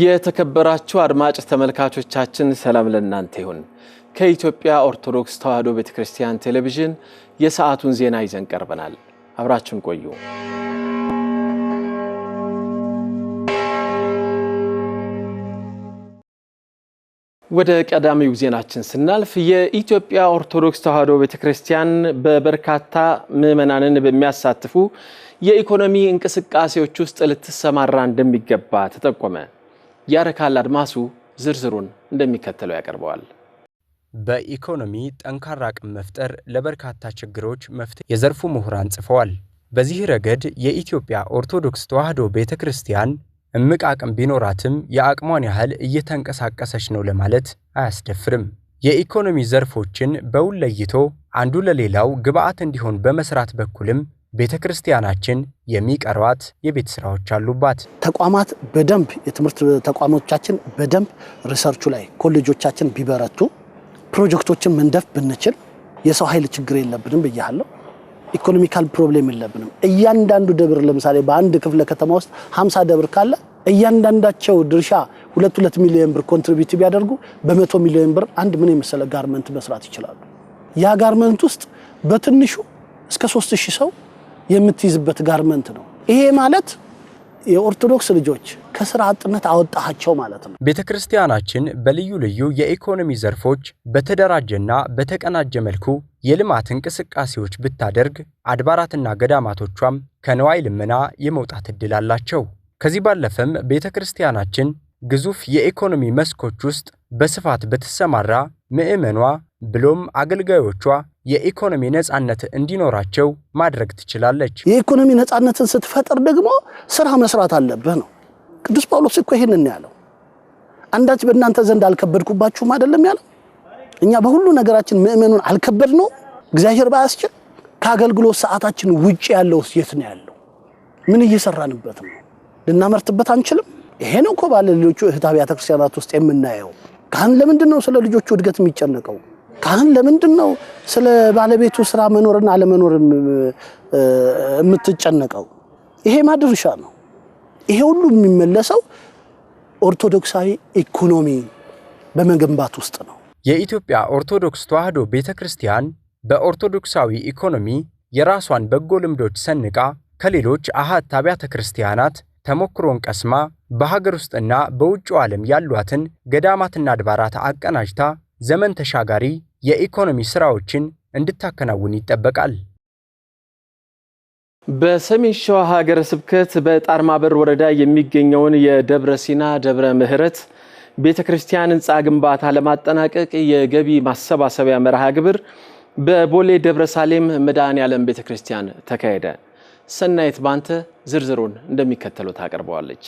የተከበራችሁ አድማጭ ተመልካቾቻችን ሰላም ለእናንተ ይሁን። ከኢትዮጵያ ኦርቶዶክስ ተዋሕዶ ቤተ ክርስቲያን ቴሌቪዥን የሰዓቱን ዜና ይዘን ቀርበናል። አብራችን ቆዩ። ወደ ቀዳሚው ዜናችን ስናልፍ የኢትዮጵያ ኦርቶዶክስ ተዋሕዶ ቤተ ክርስቲያን በበርካታ ምዕመናንን በሚያሳትፉ የኢኮኖሚ እንቅስቃሴዎች ውስጥ ልትሰማራ እንደሚገባ ተጠቆመ። ያረካል አድማሱ ዝርዝሩን እንደሚከተለው ያቀርበዋል። በኢኮኖሚ ጠንካራ አቅም መፍጠር ለበርካታ ችግሮች መፍትሄ የዘርፉ ምሁራን ጽፈዋል። በዚህ ረገድ የኢትዮጵያ ኦርቶዶክስ ተዋሕዶ ቤተ ክርስቲያን እምቅ አቅም ቢኖራትም የአቅሟን ያህል እየተንቀሳቀሰች ነው ለማለት አያስደፍርም። የኢኮኖሚ ዘርፎችን በውል ለይቶ አንዱ ለሌላው ግብዓት እንዲሆን በመስራት በኩልም ቤተ ክርስቲያናችን የሚቀርባት የቤት ስራዎች አሉባት። ተቋማት በደንብ የትምህርት ተቋሞቻችን በደንብ ሪሰርቹ ላይ ኮሌጆቻችን ቢበረቱ ፕሮጀክቶችን መንደፍ ብንችል የሰው ኃይል ችግር የለብንም ብያለሁ። ኢኮኖሚካል ፕሮብሌም የለብንም። እያንዳንዱ ደብር ለምሳሌ በአንድ ክፍለ ከተማ ውስጥ ሀምሳ ደብር ካለ እያንዳንዳቸው ድርሻ ሁለት ሁለት ሚሊዮን ብር ኮንትሪቢዩት ቢያደርጉ በመቶ ሚሊዮን ብር አንድ ምን የመሰለ ጋርመንት መስራት ይችላሉ። ያ ጋርመንት ውስጥ በትንሹ እስከ ሶስት ሺህ ሰው የምትይዝበት ጋርመንት ነው። ይሄ ማለት የኦርቶዶክስ ልጆች ከስራ አጥነት አወጣሃቸው ማለት ነው። ቤተ ክርስቲያናችን በልዩ ልዩ የኢኮኖሚ ዘርፎች በተደራጀና በተቀናጀ መልኩ የልማት እንቅስቃሴዎች ብታደርግ አድባራትና ገዳማቶቿም ከነዋይ ልመና የመውጣት እድል አላቸው። ከዚህ ባለፈም ቤተ ክርስቲያናችን ግዙፍ የኢኮኖሚ መስኮች ውስጥ በስፋት በተሰማራ ምዕመኗ ብሎም አገልጋዮቿ የኢኮኖሚ ነጻነት እንዲኖራቸው ማድረግ ትችላለች። የኢኮኖሚ ነጻነትን ስትፈጥር ደግሞ ስራ መስራት አለብህ ነው። ቅዱስ ጳውሎስ እኮ ይህንን ያለው አንዳች በእናንተ ዘንድ አልከበድኩባችሁም አይደለም ያለው። እኛ በሁሉ ነገራችን ምእመኑን አልከበድ ነው። እግዚአብሔር ባያስችል ከአገልግሎት ሰዓታችን ውጭ ያለው የት ነው ያለው? ምን እየሰራንበት ነው? ልናመርትበት አንችልም። ይሄ ነው እኮ ባለ ሌሎቹ እህት አብያተ ክርስቲያናት ውስጥ የምናየው። ካህን ለምንድን ነው ስለ ልጆቹ እድገት የሚጨነቀው? ካህን ለምንድን ነው ስለ ባለቤቱ ስራ መኖርና አለመኖር የምትጨነቀው? ይሄ ማድርሻ ነው። ይሄ ሁሉ የሚመለሰው ኦርቶዶክሳዊ ኢኮኖሚ በመገንባት ውስጥ ነው። የኢትዮጵያ ኦርቶዶክስ ተዋሕዶ ቤተ ክርስቲያን በኦርቶዶክሳዊ ኢኮኖሚ የራሷን በጎ ልምዶች ሰንቃ ከሌሎች አሃት አብያተ ክርስቲያናት ተሞክሮን ቀስማ በሀገር ውስጥና በውጭው ዓለም ያሏትን ገዳማትና አድባራት አቀናጅታ ዘመን ተሻጋሪ የኢኮኖሚ ስራዎችን እንድታከናውን ይጠበቃል። በሰሜን ሸዋ ሀገረ ስብከት በጣርማበር ወረዳ የሚገኘውን የደብረ ሲና ደብረ ምሕረት ቤተ ክርስቲያን ህንፃ ግንባታ ለማጠናቀቅ የገቢ ማሰባሰቢያ መርሃ ግብር በቦሌ ደብረ ሳሌም መድኃኔ ዓለም ቤተ ክርስቲያን ተካሄደ። ሰናይት ባንተ ዝርዝሩን እንደሚከተለው ታቀርበዋለች።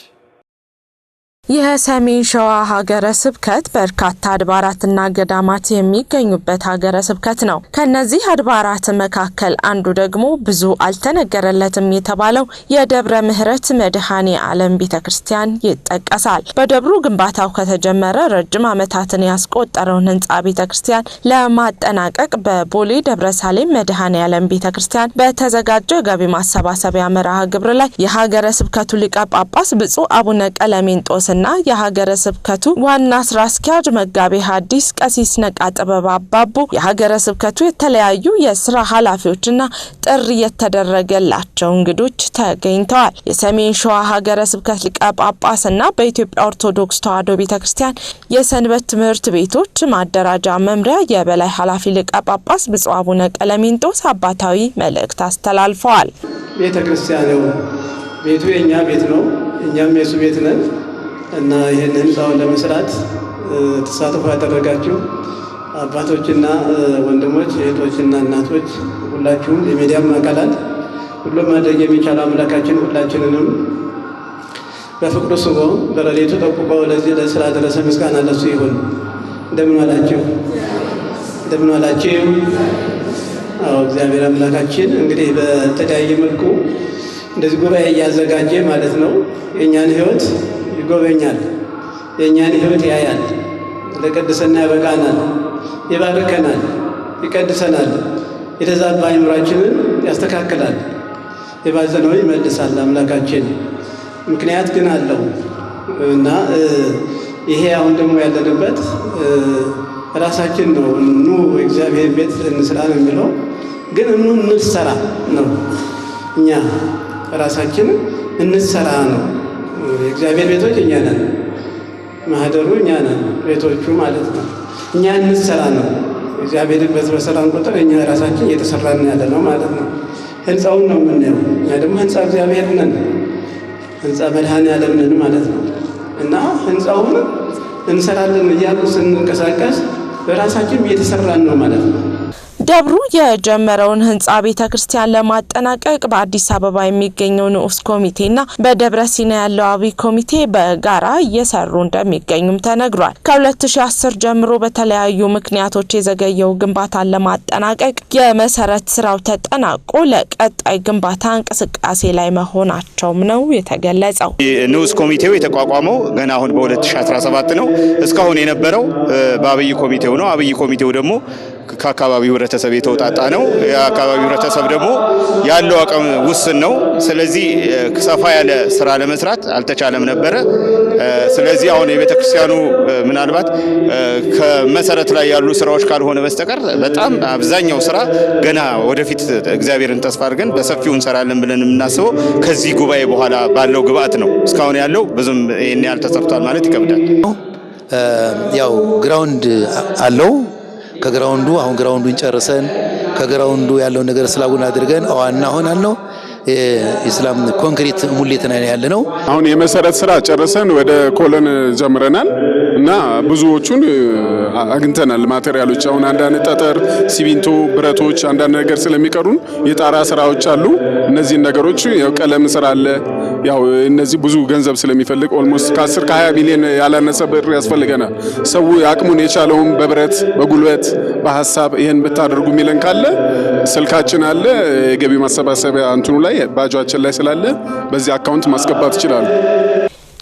የሰሜን ሸዋ ሀገረ ስብከት በርካታ አድባራትና ገዳማት የሚገኙበት ሀገረ ስብከት ነው። ከነዚህ አድባራት መካከል አንዱ ደግሞ ብዙ አልተነገረለትም የተባለው የደብረ ምሕረት መድኃኔ ዓለም ቤተ ክርስቲያን ይጠቀሳል። በደብሩ ግንባታው ከተጀመረ ረጅም ዓመታትን ያስቆጠረውን ህንፃ ቤተ ክርስቲያን ለማጠናቀቅ በቦሌ ደብረ ሳሌም መድኃኔ ዓለም ቤተ ክርስቲያን በተዘጋጀ ገቢ ማሰባሰቢያ መርሃ ግብር ላይ የሀገረ ስብከቱ ሊቀ ጳጳስ ብፁዕ አቡነ ቀለሜንጦስ ዮሐንስና የሀገረ ስብከቱ ዋና ስራ አስኪያጅ መጋቤ ሐዲስ ቀሲስ ነቃ ጥበብ አባቡ የሀገረ ስብከቱ የተለያዩ የስራ ኃላፊዎችና ጥሪ የተደረገላቸው እንግዶች ተገኝተዋል። የሰሜን ሸዋ ሀገረ ስብከት ሊቀ ጳጳስና በኢትዮጵያ ኦርቶዶክስ ተዋሕዶ ቤተ ክርስቲያን የሰንበት ትምህርት ቤቶች ማደራጃ መምሪያ የበላይ ኃላፊ ሊቀ ጳጳስ ብፁዕ አቡነ ቀለሜንጦስ አባታዊ መልእክት አስተላልፈዋል። ቤተ ክርስቲያን ቤቱ የእኛ ቤት ነው፣ እኛም የሱ ቤት ነን። እና ይህን ህንፃውን ለመስራት ተሳትፎ ያደረጋችሁ አባቶችና ወንድሞች፣ እህቶችና እናቶች ሁላችሁም፣ የሚዲያም አካላት ሁሉም ማድረግ የሚቻለው አምላካችን ሁላችንንም በፍቅሩ ስቦ በረሌቱ ጠቁቆ ለዚህ ለስራ ደረሰ። ምስጋና ለሱ ይሁን። እንደምን ዋላችሁ? እንደምን ዋላችሁ? አዎ እግዚአብሔር አምላካችን እንግዲህ በተለያየ መልኩ እንደዚህ ጉባኤ እያዘጋጀ ማለት ነው የእኛን ህይወት ይጎበኛል። የእኛን ሕይወት ያያል። ለቅድስና ያበቃናል፣ ይባርከናል፣ ይቀድሰናል። የተዛባ አይምሯችንን ያስተካክላል፣ የባዘነው ይመልሳል አምላካችን። ምክንያት ግን አለው እና ይሄ አሁን ደግሞ ያለንበት ራሳችን ነው። ኑ እግዚአብሔር ቤት እንስራ ነው የሚለው፣ ግን ኑ እንሰራ ነው። እኛ ራሳችን እንሰራ ነው። የእግዚአብሔር ቤቶች እኛ ነን፣ ማህደሩ እኛ ነን፣ ቤቶቹ ማለት ነው። እኛ እንሰራ ነው። እግዚአብሔርን ቤት ቁጥር እኛ ራሳችን እየተሰራን ያለ ነው ማለት ነው። ህንፃውን ነው የምናየው። እኛ ደግሞ ህንፃ እግዚአብሔር ነን፣ ህንፃ መድኃኔዓለም ነን ማለት ነው። እና ህንፃውን እንሰራለን እያሉ ስንንቀሳቀስ በራሳችን እየተሰራን ነው ማለት ነው። ደብሩ የጀመረውን ህንፃ ቤተ ክርስቲያን ለማጠናቀቅ በአዲስ አበባ የሚገኘው ንዑስ ኮሚቴና በደብረ ሲና ያለው አብይ ኮሚቴ በጋራ እየሰሩ እንደሚገኙም ተነግሯል። ከ2010 ጀምሮ በተለያዩ ምክንያቶች የዘገየው ግንባታን ለማጠናቀቅ የመሰረት ስራው ተጠናቆ ለቀጣይ ግንባታ እንቅስቃሴ ላይ መሆናቸውም ነው የተገለጸው። ንዑስ ኮሚቴው የተቋቋመው ገና አሁን በ2017 ነው። እስካሁን የነበረው በአብይ ኮሚቴው ነው። አብይ ኮሚቴው ደግሞ ከአካባቢው ህብረተሰብ የተውጣጣ ነው። የአካባቢው ህብረተሰብ ደግሞ ያለው አቅም ውስን ነው። ስለዚህ ሰፋ ያለ ስራ ለመስራት አልተቻለም ነበረ። ስለዚህ አሁን የቤተ ክርስቲያኑ ምናልባት ከመሰረት ላይ ያሉ ስራዎች ካልሆነ በስተቀር በጣም አብዛኛው ስራ ገና ወደፊት እግዚአብሔርን ተስፋ አድርገን በሰፊው እንሰራለን ብለን የምናስበው ከዚህ ጉባኤ በኋላ ባለው ግብአት ነው። እስካሁን ያለው ብዙም ይህን ያህል ተሰርቷል ማለት ይከብዳል። ያው ግራውንድ አለው ከግራውንዱ አሁን ግራውንዱን ጨርሰን ከግራውንዱ ያለውን ነገር ስላጉን አድርገን ዋና ሆናል ነው የኢስላም ኮንክሪት ሙሌት ያለ ነው። አሁን የመሰረት ስራ ጨርሰን ወደ ኮሎን ጀምረናል። እና ብዙዎቹን አግኝተናል። ማቴሪያሎች አሁን አንዳንድ ጠጠር፣ ሲሚንቶ፣ ብረቶች አንዳንድ ነገር ስለሚቀሩን የጣራ ስራዎች አሉ። እነዚህን ነገሮች ያው ቀለም ስራ አለ። ያው እነዚህ ብዙ ገንዘብ ስለሚፈልግ ኦልሞስት ከ10 ከ20 ሚሊዮን ያላነሰ ብር ያስፈልገናል። ሰው አቅሙን የቻለውን በብረት በጉልበት በሀሳብ ይህን ብታደርጉ የሚለን ካለ ስልካችን አለ። የገቢ ማሰባሰቢያ እንትኑ ላይ ባጇችን ላይ ስላለ በዚህ አካውንት ማስገባት ይችላሉ።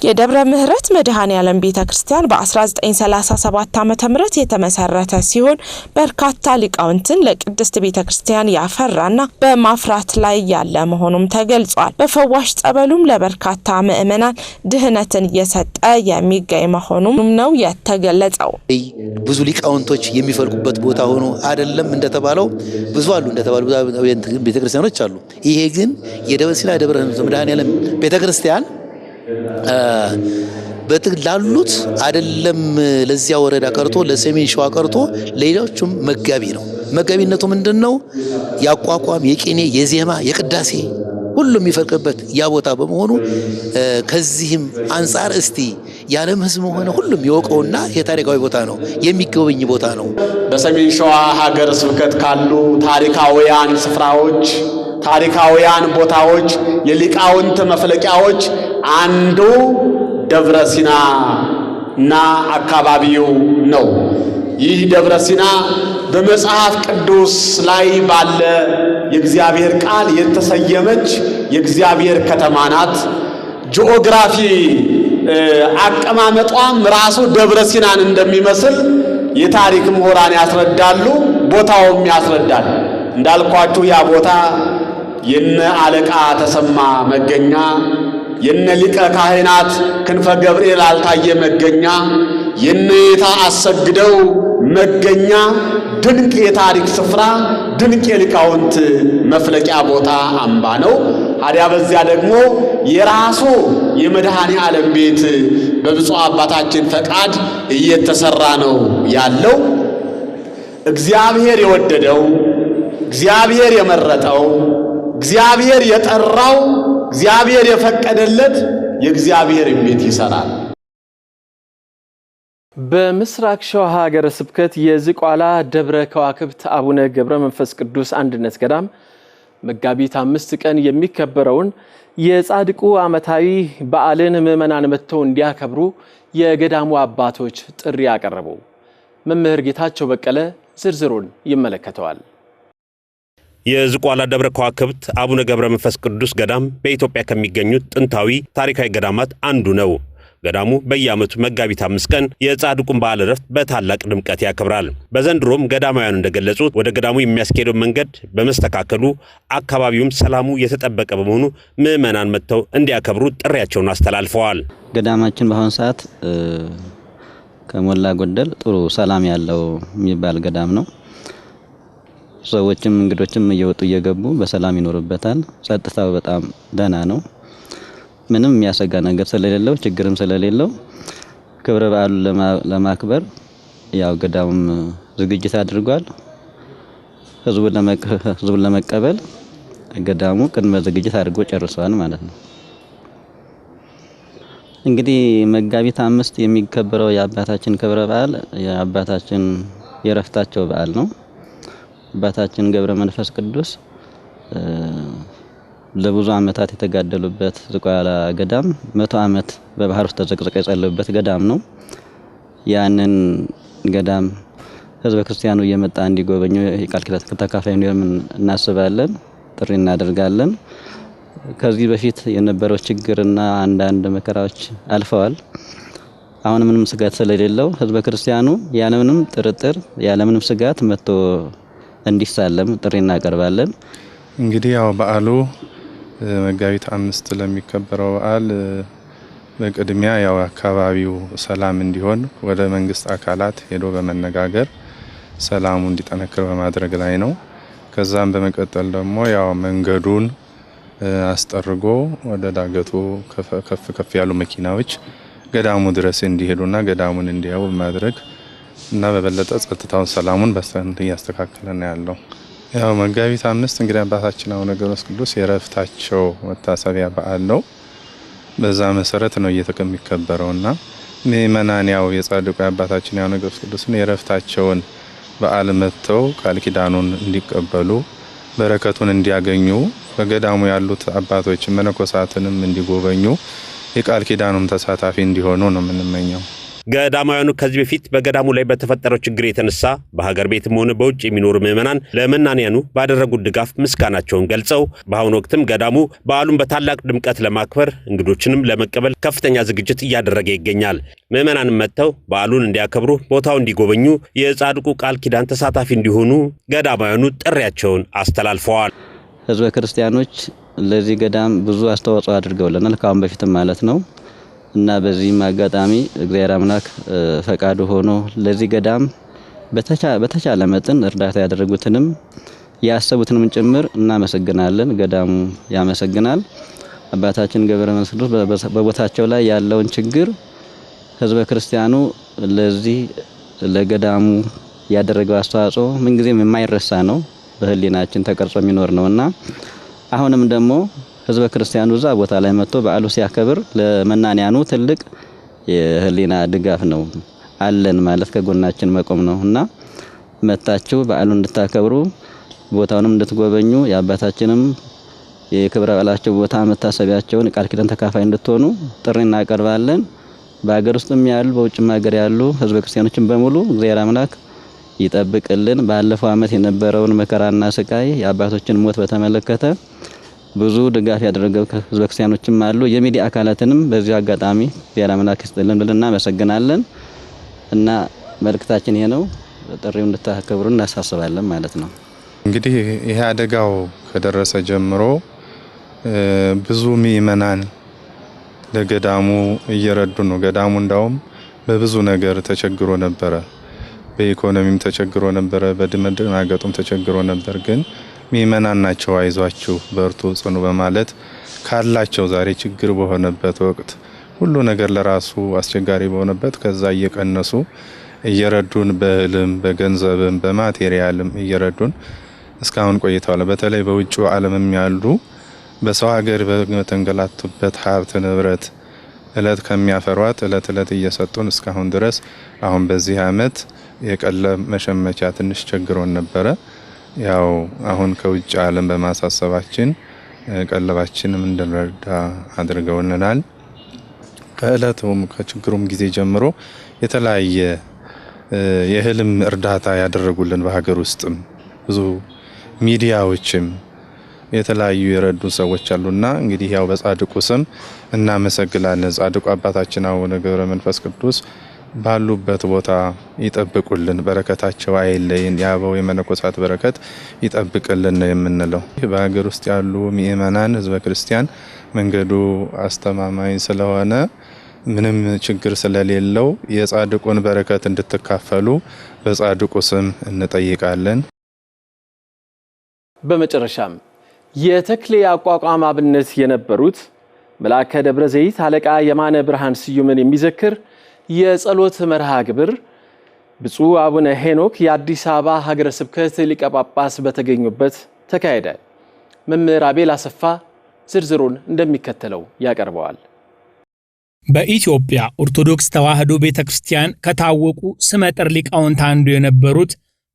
የደብረ ምሕረት መድኃኔ ዓለም ቤተ ክርስቲያን በ1937 ዓ ም የተመሰረተ ሲሆን በርካታ ሊቃውንትን ለቅድስት ቤተ ክርስቲያን ያፈራና በማፍራት ላይ ያለ መሆኑም ተገልጿል። በፈዋሽ ጸበሉም ለበርካታ ምእመናን ድህነትን እየሰጠ የሚገኝ መሆኑም ነው የተገለጸው። ብዙ ሊቃውንቶች የሚፈልጉበት ቦታ ሆኖ አይደለም እንደተባለው ብዙ አሉ እንደተባሉ ቤተክርስቲያኖች አሉ። ይሄ ግን የደብረ ሲና የደብረ መድኃኔ ዓለም ቤተክርስቲያን ላሉት አይደለም ለዚያ ወረዳ ቀርቶ ለሰሜን ሸዋ ቀርቶ ሌሎቹም መጋቢ ነው። መጋቢነቱ ምንድን ነው? የአቋቋም፣ የቅኔ፣ የዜማ፣ የቅዳሴ ሁሉም የሚፈልቅበት ያ ቦታ በመሆኑ ከዚህም አንጻር እስቲ የዓለም ሕዝብ ሆነ ሁሉም የወቀውና የታሪካዊ ቦታ ነው፣ የሚጎበኝ ቦታ ነው። በሰሜን ሸዋ ሀገር ስብከት ካሉ ታሪካውያን ስፍራዎች፣ ታሪካውያን ቦታዎች፣ የሊቃውንት መፍለቂያዎች አንዱ ደብረ ሲና እና አካባቢው ነው። ይህ ደብረ ሲና በመጽሐፍ ቅዱስ ላይ ባለ የእግዚአብሔር ቃል የተሰየመች የእግዚአብሔር ከተማ ናት። ጂኦግራፊ አቀማመጧም ራሱ ደብረ ሲናን እንደሚመስል የታሪክ ምሁራን ያስረዳሉ። ቦታውም ያስረዳል። እንዳልኳችሁ ያ ቦታ የነ አለቃ ተሰማ መገኛ የነ ሊቀ ካህናት ክንፈ ገብርኤል አልታየ መገኛ የነየታ አሰግደው መገኛ ድንቅ የታሪክ ስፍራ ድንቅ የሊቃውንት መፍለቂያ ቦታ አምባ ነው። አዲያ በዚያ ደግሞ የራሱ የመድኃኔ ዓለም ቤት በብፁዕ አባታችን ፈቃድ እየተሰራ ነው ያለው። እግዚአብሔር የወደደው፣ እግዚአብሔር የመረጠው፣ እግዚአብሔር የጠራው እግዚአብሔር የፈቀደለት የእግዚአብሔር ቤት ይሰራል። በምስራቅ ሸዋ ሀገረ ስብከት የዝቋላ ደብረ ከዋክብት አቡነ ገብረ መንፈስ ቅዱስ አንድነት ገዳም መጋቢት አምስት ቀን የሚከበረውን የጻድቁ ዓመታዊ በዓልን ምዕመናን መጥተው እንዲያከብሩ የገዳሙ አባቶች ጥሪ አቀረቡ። መምህር ጌታቸው በቀለ ዝርዝሩን ይመለከተዋል። የዝቋላ ደብረ ከዋክብት አቡነ ገብረ መንፈስ ቅዱስ ገዳም በኢትዮጵያ ከሚገኙት ጥንታዊ ታሪካዊ ገዳማት አንዱ ነው። ገዳሙ በየዓመቱ መጋቢት አምስት ቀን የጻድቁን በዓል ዕረፍት በታላቅ ድምቀት ያከብራል። በዘንድሮም ገዳማውያኑ እንደገለጹት ወደ ገዳሙ የሚያስኬደው መንገድ በመስተካከሉ አካባቢውም ሰላሙ የተጠበቀ በመሆኑ ምዕመናን መጥተው እንዲያከብሩ ጥሪያቸውን አስተላልፈዋል። ገዳማችን በአሁኑ ሰዓት ከሞላ ጎደል ጥሩ ሰላም ያለው የሚባል ገዳም ነው። ሰዎችም እንግዶችም እየወጡ እየገቡ በሰላም ይኖርበታል። ጸጥታው በጣም ደህና ነው። ምንም የሚያሰጋ ነገር ስለሌለው ችግርም ስለሌለው ክብረ በዓሉን ለማክበር ያው ገዳሙም ዝግጅት አድርጓል። ህዝቡን ለመቀበል ገዳሙ ቅድመ ዝግጅት አድርጎ ጨርሰዋል ማለት ነው። እንግዲህ መጋቢት አምስት የሚከበረው የአባታችን ክብረ በዓል የአባታችን የረፍታቸው በዓል ነው። አባታችን ገብረ መንፈስ ቅዱስ ለብዙ ዓመታት የተጋደሉበት ዝቋላ ገዳም መቶ ዓመት በባህር ውስጥ ተዘቅዘቀ የጸለዩበት ገዳም ነው። ያንን ገዳም ህዝበ ክርስቲያኑ እየመጣ እንዲጎበኙ የቃል ኪዳን ተካፋይ እንዲሆን እናስባለን፣ ጥሪ እናደርጋለን። ከዚህ በፊት የነበረው ችግርና አንዳንድ መከራዎች አልፈዋል። አሁን ምንም ስጋት ስለሌለው ህዝበ ክርስቲያኑ ያለምንም ጥርጥር ያለምንም ስጋት መጥቶ እንዲሳለም ጥሪ እናቀርባለን። እንግዲህ ያው በዓሉ መጋቢት አምስት ለሚከበረው በዓል በቅድሚያ ያው አካባቢው ሰላም እንዲሆን ወደ መንግስት አካላት ሄዶ በመነጋገር ሰላሙ እንዲጠነክር በማድረግ ላይ ነው። ከዛም በመቀጠል ደግሞ ያው መንገዱን አስጠርጎ ወደ ዳገቱ ከፍ ከፍ ያሉ መኪናዎች ገዳሙ ድረስ እንዲሄዱና ገዳሙን እንዲያው በማድረግ እና በበለጠ ጸጥታውን፣ ሰላሙን በስተንት እያስተካከለ ነው ያለው። ያው መጋቢት አምስት እንግዲህ አባታችን አቡነ ገብረመንፈስ ቅዱስ የረፍታቸው መታሰቢያ በዓል ነው። በዛ መሰረት ነው እየተቀ የሚከበረውና ምእመናን ያው የጻድቁ አባታችን አቡነ ገብረመንፈስ ቅዱስን የረፍታቸውን በዓል መጥተው ቃል ኪዳኑን እንዲቀበሉ በረከቱን እንዲያገኙ በገዳሙ ያሉት አባቶች መነኮሳትንም እንዲጎበኙ የቃል ኪዳኑም ተሳታፊ እንዲሆኑ ነው የምንመኘው። ገዳማውያኑ ከዚህ በፊት በገዳሙ ላይ በተፈጠረው ችግር የተነሳ በሀገር ቤትም ሆነ በውጭ የሚኖሩ ምዕመናን ለመናንያኑ ባደረጉት ድጋፍ ምስጋናቸውን ገልጸው በአሁኑ ወቅትም ገዳሙ በዓሉን በታላቅ ድምቀት ለማክበር እንግዶችንም ለመቀበል ከፍተኛ ዝግጅት እያደረገ ይገኛል። ምዕመናንም መጥተው በዓሉን እንዲያከብሩ፣ ቦታው እንዲጎበኙ፣ የጻድቁ ቃል ኪዳን ተሳታፊ እንዲሆኑ ገዳማውያኑ ጥሪያቸውን አስተላልፈዋል። ህዝበ ክርስቲያኖች ለዚህ ገዳም ብዙ አስተዋጽኦ አድርገውልናል። ከአሁን በፊትም ማለት ነው እና በዚህም አጋጣሚ እግዚአብሔር አምላክ ፈቃዱ ሆኖ ለዚህ ገዳም በተቻለ መጠን እርዳታ ያደረጉትንም ያሰቡትንም ጭምር እናመሰግናለን። ገዳሙ ያመሰግናል። አባታችን ገብረ መንስዱስ በቦታቸው ላይ ያለውን ችግር ህዝበ ክርስቲያኑ ለዚህ ለገዳሙ ያደረገው አስተዋጽኦ ምንጊዜም የማይረሳ ነው፣ በህሊናችን ተቀርጾ የሚኖር ነውና አሁንም ደግሞ ህዝበ ክርስቲያኑ እዛ ቦታ ላይ መጥቶ በዓሉ ሲያከብር ለመናንያኑ ትልቅ የህሊና ድጋፍ ነው። አለን ማለት ከጎናችን መቆም ነው እና መታችሁ በዓሉ እንድታከብሩ ቦታውንም እንድትጎበኙ የአባታችንም የክብረ በዓላቸው ቦታ መታሰቢያቸውን ቃል ኪዳን ተካፋይ እንድትሆኑ ጥሪ እናቀርባለን። በሀገር ውስጥም ያሉ በውጭም ሀገር ያሉ ህዝበ ክርስቲያኖችን በሙሉ እግዚአብሔር አምላክ ይጠብቅልን። ባለፈው ዓመት የነበረውን መከራና ስቃይ የአባቶችን ሞት በተመለከተ ብዙ ድጋፍ ያደረገ ህዝበ ክርስቲያኖችም አሉ። የሚዲያ አካላትንም በዚሁ አጋጣሚ ዚያራ መላክ ይስጥልን ብለን እናመሰግናለን እና መልእክታችን ይሄ ነው። ጥሪው እንድታከብሩ እናሳስባለን ማለት ነው። እንግዲህ ይሄ አደጋው ከደረሰ ጀምሮ ብዙ ምእመናን ለገዳሙ እየረዱ ነው። ገዳሙ እንዳውም በብዙ ነገር ተቸግሮ ነበረ። በኢኮኖሚም ተቸግሮ ነበረ። በድመ ተቸግሮ ነበር ግን ሚመናን ናቸው። አይዟችሁ በርቱ፣ ጽኑ በማለት ካላቸው ዛሬ ችግር በሆነበት ወቅት ሁሉ ነገር ለራሱ አስቸጋሪ በሆነበት ከዛ እየቀነሱ እየረዱን በእህልም በገንዘብም በማቴሪያልም እየረዱን እስካሁን ቆይተዋል። በተለይ በውጭ ዓለምም ያሉ በሰው ሀገር በተንገላቱበት ሀብት ንብረት እለት ከሚያፈሯት እለት እለት እየሰጡን እስካሁን ድረስ አሁን በዚህ አመት የቀለም መሸመቻ ትንሽ ቸግሮን ነበረ። ያው አሁን ከውጭ ዓለም በማሳሰባችን ቀለባችንም እንድንረዳ አድርገውልናል። ከእለቱም ከችግሩም ጊዜ ጀምሮ የተለያየ የህልም እርዳታ ያደረጉልን በሀገር ውስጥም ብዙ ሚዲያዎችም የተለያዩ የረዱ ሰዎች አሉና እንግዲህ ያው በጻድቁ ስም እናመሰግናለን። ጻድቁ አባታችን አቡነ ገብረ መንፈስ ቅዱስ ባሉበት ቦታ ይጠብቁልን፣ በረከታቸው አይለይን። የአበው የመነኮሳት በረከት ይጠብቅልን ነው የምንለው። በሀገር ውስጥ ያሉ ምእመናን፣ ህዝበ ክርስቲያን መንገዱ አስተማማኝ ስለሆነ ምንም ችግር ስለሌለው የጻድቁን በረከት እንድትካፈሉ በጻድቁ ስም እንጠይቃለን። በመጨረሻም የተክሌ አቋቋም አብነት የነበሩት መልአከ ደብረ ዘይት አለቃ የማነ ብርሃን ስዩምን የሚዘክር የጸሎት መርሃ ግብር ብፁዕ አቡነ ሄኖክ የአዲስ አበባ ሀገረ ስብከት ሊቀ ጳጳስ በተገኙበት ተካሄደ። መምህር አቤል አሰፋ ዝርዝሩን እንደሚከተለው ያቀርበዋል። በኢትዮጵያ ኦርቶዶክስ ተዋሕዶ ቤተ ክርስቲያን ከታወቁ ስመጥር ሊቃውንት አንዱ የነበሩት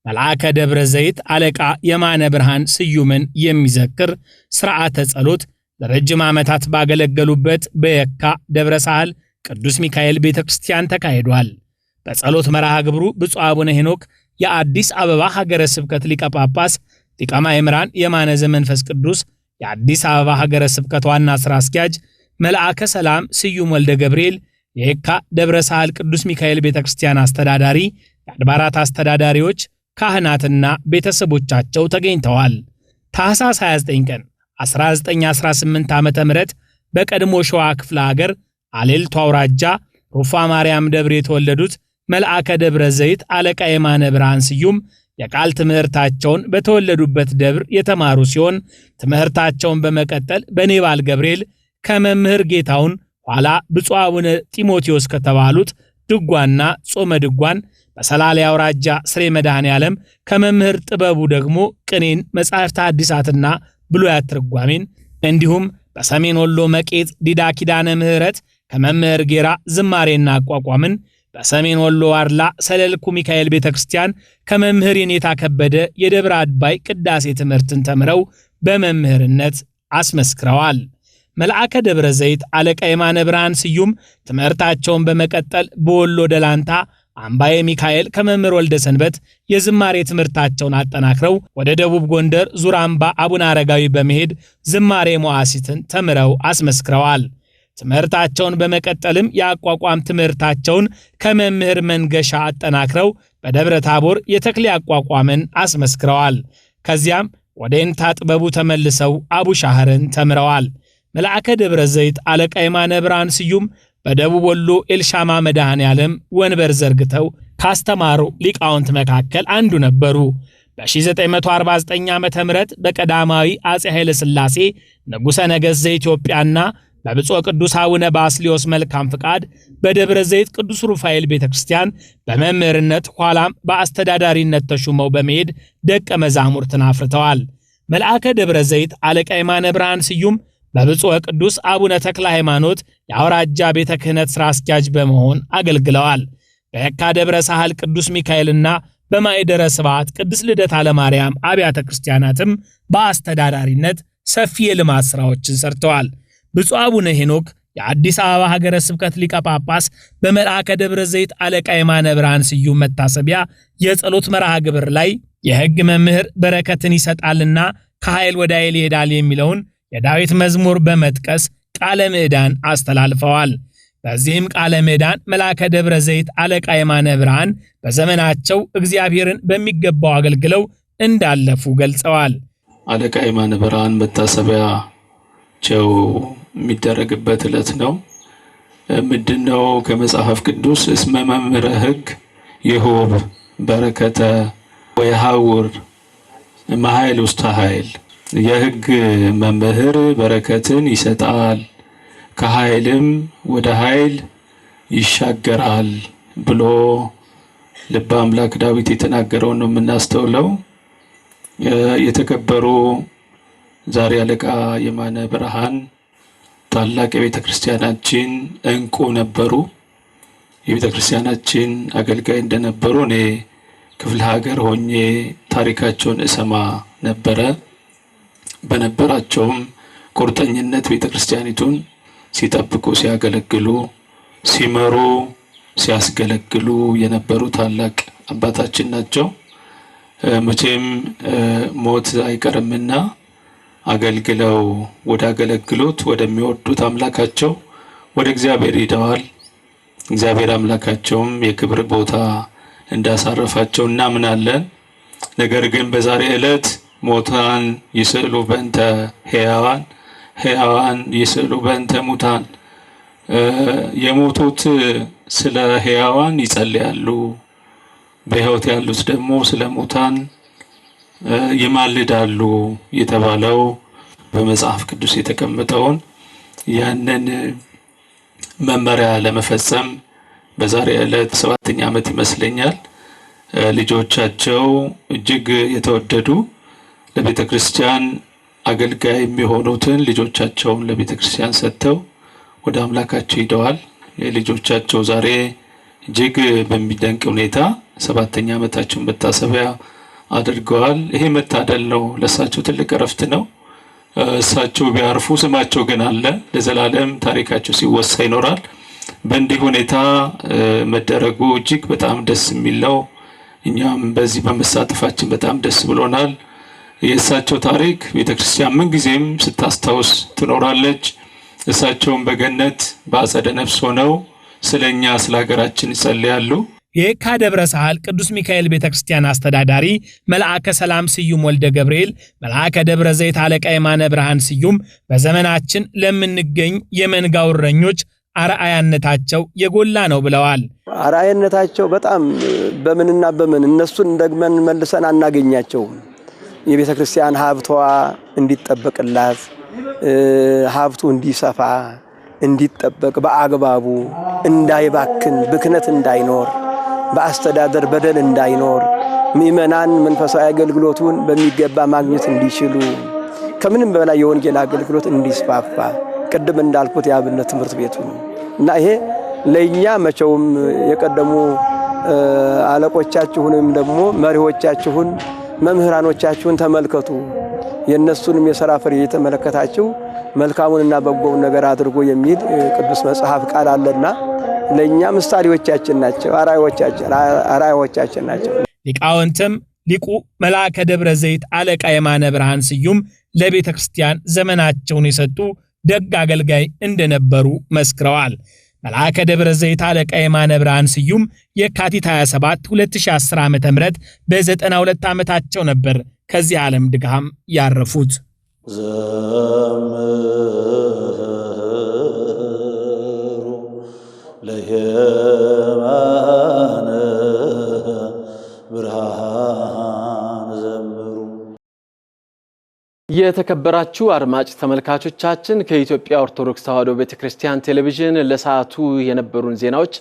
መልአከ ደብረ ዘይት አለቃ የማነ ብርሃን ስዩምን የሚዘክር ሥርዓተ ጸሎት ለረጅም ዓመታት ባገለገሉበት በየካ ደብረ ሳህል ቅዱስ ሚካኤል ቤተ ክርስቲያን ተካሂዷል። በጸሎት መርሃ ግብሩ ብፁዕ አቡነ ሄኖክ የአዲስ አበባ ሀገረ ስብከት ሊቀ ጳጳስ፣ ሊቀ ማእምራን የማነ ዘመንፈስ ቅዱስ የአዲስ አበባ ሀገረ ስብከት ዋና ሥራ አስኪያጅ፣ መልአከ ሰላም ስዩም ወልደ ገብርኤል የየካ ደብረ ሳህል ቅዱስ ሚካኤል ቤተ ክርስቲያን አስተዳዳሪ፣ የአድባራት አስተዳዳሪዎች፣ ካህናትና ቤተሰቦቻቸው ተገኝተዋል። ታኅሳስ 29 ቀን 1918 ዓ ም በቀድሞ ሸዋ ክፍለ አገር አሌልቱ አውራጃ ሩፋ ማርያም ደብር የተወለዱት መልአከ ደብረ ዘይት አለቃ የማነ ብርሃን ስዩም የቃል ትምህርታቸውን በተወለዱበት ደብር የተማሩ ሲሆን ትምህርታቸውን በመቀጠል በኔባል ገብርኤል ከመምህር ጌታውን ኋላ ብፁዕ አቡነ ጢሞቴዎስ ከተባሉት ድጓና ጾመ ድጓን በሰላሌ አውራጃ ስሬ መድኃኔ ዓለም ከመምህር ጥበቡ ደግሞ ቅኔን፣ መጻሕፍተ ሐዲሳትና ብሉያት ትርጓሜን እንዲሁም በሰሜን ወሎ መቄት ዲዳ ኪዳነ ምሕረት ከመምህር ጌራ ዝማሬና አቋቋምን በሰሜን ወሎ ዋርላ ሰለልኩ ሚካኤል ቤተ ክርስቲያን ከመምህር የኔታ ከበደ የደብረ አድባይ ቅዳሴ ትምህርትን ተምረው በመምህርነት አስመስክረዋል። መልአከ ደብረ ዘይት አለቃ የማነ ብርሃን ስዩም ትምህርታቸውን በመቀጠል በወሎ ደላንታ አምባዬ ሚካኤል ከመምህር ወልደ ሰንበት የዝማሬ ትምህርታቸውን አጠናክረው ወደ ደቡብ ጎንደር ዙር አምባ አቡነ አረጋዊ በመሄድ ዝማሬ መዋሲትን ተምረው አስመስክረዋል። ትምህርታቸውን በመቀጠልም የአቋቋም ትምህርታቸውን ከመምህር መንገሻ አጠናክረው በደብረ ታቦር የተክሌ አቋቋምን አስመስክረዋል። ከዚያም ወደ ኤንታ ጥበቡ ተመልሰው አቡሻህርን ተምረዋል። መልአከ ደብረ ዘይት አለቃ የማነ ብርሃን ስዩም በደቡብ ወሎ ኤልሻማ መድኃኔ ዓለም ወንበር ዘርግተው ካስተማሩ ሊቃውንት መካከል አንዱ ነበሩ። በ1949 ዓ ም በቀዳማዊ አጼ ኃይለ ሥላሴ ንጉሠ ነገሥት ዘኢትዮጵያና በብፁዕ ቅዱስ አቡነ ባስሊዮስ መልካም ፍቃድ በደብረ ዘይት ቅዱስ ሩፋኤል ቤተ ክርስቲያን በመምህርነት ኋላም በአስተዳዳሪነት ተሹመው በመሄድ ደቀ መዛሙርትን አፍርተዋል። መልአከ ደብረ ዘይት አለቃ የማነ ብርሃን ስዩም በብፁዕ ቅዱስ አቡነ ተክለ ሃይማኖት የአውራጃ ቤተ ክህነት ሥራ አስኪያጅ በመሆን አገልግለዋል። በየካ ደብረ ሳህል ቅዱስ ሚካኤልና በማይደረ ስብዓት ቅዱስ ልደታ ለማርያም አብያተ ክርስቲያናትም በአስተዳዳሪነት ሰፊ የልማት ሥራዎችን ሰርተዋል። ብፁዕ አቡነ ሄኖክ የአዲስ አበባ ሀገረ ስብከት ሊቀ ጳጳስ በመልአከ ደብረ ዘይት አለቃ የማነ ብርሃን ስዩም መታሰቢያ የጸሎት መርሃ ግብር ላይ የሕግ መምህር በረከትን ይሰጣልና ከኃይል ወደ ኃይል ይሄዳል የሚለውን የዳዊት መዝሙር በመጥቀስ ቃለ ምዕዳን አስተላልፈዋል። በዚህም ቃለ ምዕዳን መልአከ ደብረ ዘይት አለቃ የማነ ብርሃን በዘመናቸው እግዚአብሔርን በሚገባው አገልግለው እንዳለፉ ገልጸዋል። አለቃ የማነ ብርሃን መታሰቢያቸው የሚደረግበት ዕለት ነው። ምንድን ነው? ከመጽሐፍ ቅዱስ እስመ መምህረ ሕግ ይሁብ በረከተ ወየሐውር መኃይል ውስተ ኃይል፣ የሕግ መምህር በረከትን ይሰጣል ከኃይልም ወደ ኃይል ይሻገራል ብሎ ልበ አምላክ ዳዊት የተናገረውን ነው የምናስተውለው። የተከበሩ ዛሬ አለቃ የማነ ብርሃን ታላቅ የቤተ ክርስቲያናችን እንቁ ነበሩ። የቤተ ክርስቲያናችን አገልጋይ እንደነበሩ እኔ ክፍለ ሀገር ሆኜ ታሪካቸውን እሰማ ነበረ። በነበራቸውም ቁርጠኝነት ቤተ ክርስቲያኒቱን ሲጠብቁ፣ ሲያገለግሉ፣ ሲመሩ፣ ሲያስገለግሉ የነበሩ ታላቅ አባታችን ናቸው። መቼም ሞት አይቀርምና አገልግለው አገለግሎት ወደሚወዱት አምላካቸው ወደ እግዚአብሔር ሄደዋል። እግዚአብሔር አምላካቸውም የክብር ቦታ እንዳሳረፋቸው እናምናለን። ነገር ግን በዛሬ ዕለት ሞታን ይስዕሉ በእንተ ሕያዋን፣ ሕያዋን ይስዕሉ በእንተ ሙታን፣ የሞቱት ስለ ሕያዋን ይጸልያሉ፣ በሕይወት ያሉት ደግሞ ስለ ሙታን ይማልዳሉ የተባለው በመጽሐፍ ቅዱስ የተቀመጠውን ያንን መመሪያ ለመፈጸም በዛሬ ዕለት ሰባተኛ ዓመት ይመስለኛል ልጆቻቸው እጅግ የተወደዱ ለቤተ ክርስቲያን አገልጋይ የሚሆኑትን ልጆቻቸውን ለቤተ ክርስቲያን ሰጥተው ወደ አምላካቸው ሂደዋል። ልጆቻቸው ዛሬ እጅግ በሚደንቅ ሁኔታ ሰባተኛ ዓመታቸውን መታሰቢያ አድርገዋል። ይሄ መታደል ነው። ለእሳቸው ትልቅ እረፍት ነው። እሳቸው ቢያርፉ ስማቸው ግን አለ፣ ለዘላለም ታሪካቸው ሲወሳ ይኖራል። በእንዲህ ሁኔታ መደረጉ እጅግ በጣም ደስ የሚል ነው። እኛም በዚህ በመሳተፋችን በጣም ደስ ብሎናል። የእሳቸው ታሪክ ቤተ ክርስቲያን ምንጊዜም ስታስታውስ ትኖራለች። እሳቸውም በገነት በአጸደ ነፍስ ሆነው ስለ እኛ ስለ ሀገራችን ይጸልያሉ። የየካ ደብረ ሳህል ቅዱስ ሚካኤል ቤተ ክርስቲያን አስተዳዳሪ መልአከ ሰላም ስዩም ወልደ ገብርኤል፣ መልአከ ደብረ ዘይት አለቃ የማነ ብርሃን ስዩም በዘመናችን ለምንገኝ የመንጋው እረኞች አርአያነታቸው የጎላ ነው ብለዋል። አርአያነታቸው በጣም በምንና በምን እነሱን ደግመን መልሰን አናገኛቸውም። የቤተ ክርስቲያን ሀብቷ እንዲጠበቅላት፣ ሀብቱ እንዲሰፋ፣ እንዲጠበቅ፣ በአግባቡ እንዳይባክን፣ ብክነት እንዳይኖር በአስተዳደር በደል እንዳይኖር ምእመናን መንፈሳዊ አገልግሎቱን በሚገባ ማግኘት እንዲችሉ ከምንም በላይ የወንጌል አገልግሎት እንዲስፋፋ ቅድም እንዳልኩት የአብነት ትምህርት ቤቱ እና ይሄ ለእኛ መቼውም የቀደሙ አለቆቻችሁንም ደግሞ መሪዎቻችሁን መምህራኖቻችሁን ተመልከቱ። የእነሱንም የሥራ ፍሬ የተመለከታችሁ መልካሙንና በጎውን ነገር አድርጎ የሚል ቅዱስ መጽሐፍ ቃል አለና ለእኛ ምሳሌዎቻችን ናቸው፣ አርአያዎቻችን ናቸው። ሊቃውንትም ሊቁ መልአከ ደብረ ዘይት አለቃ የማነ ብርሃን ስዩም ለቤተ ክርስቲያን ዘመናቸውን የሰጡ ደግ አገልጋይ እንደነበሩ መስክረዋል። መልአከ ደብረ ዘይት አለቃ የማነ ብርሃን ስዩም የካቲት 27 2010 ዓ ም በ92 ዓመታቸው ነበር ከዚህ ዓለም ድግሃም ያረፉት። ህማነ ብርሃን ዘምሩ። የተከበራችሁ አድማጭ ተመልካቾቻችን ከኢትዮጵያ ኦርቶዶክስ ተዋሕዶ ቤተ ክርስቲያን ቴሌቪዥን ለሰዓቱ የነበሩን ዜናዎች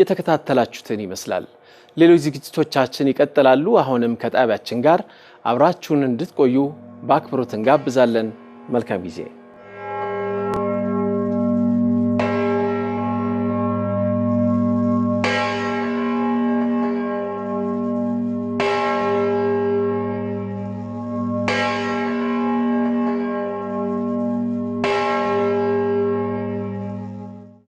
የተከታተላችሁትን ይመስላል። ሌሎች ዝግጅቶቻችን ይቀጥላሉ። አሁንም ከጣቢያችን ጋር አብራችሁን እንድትቆዩ በአክብሮት እንጋብዛለን። መልካም ጊዜ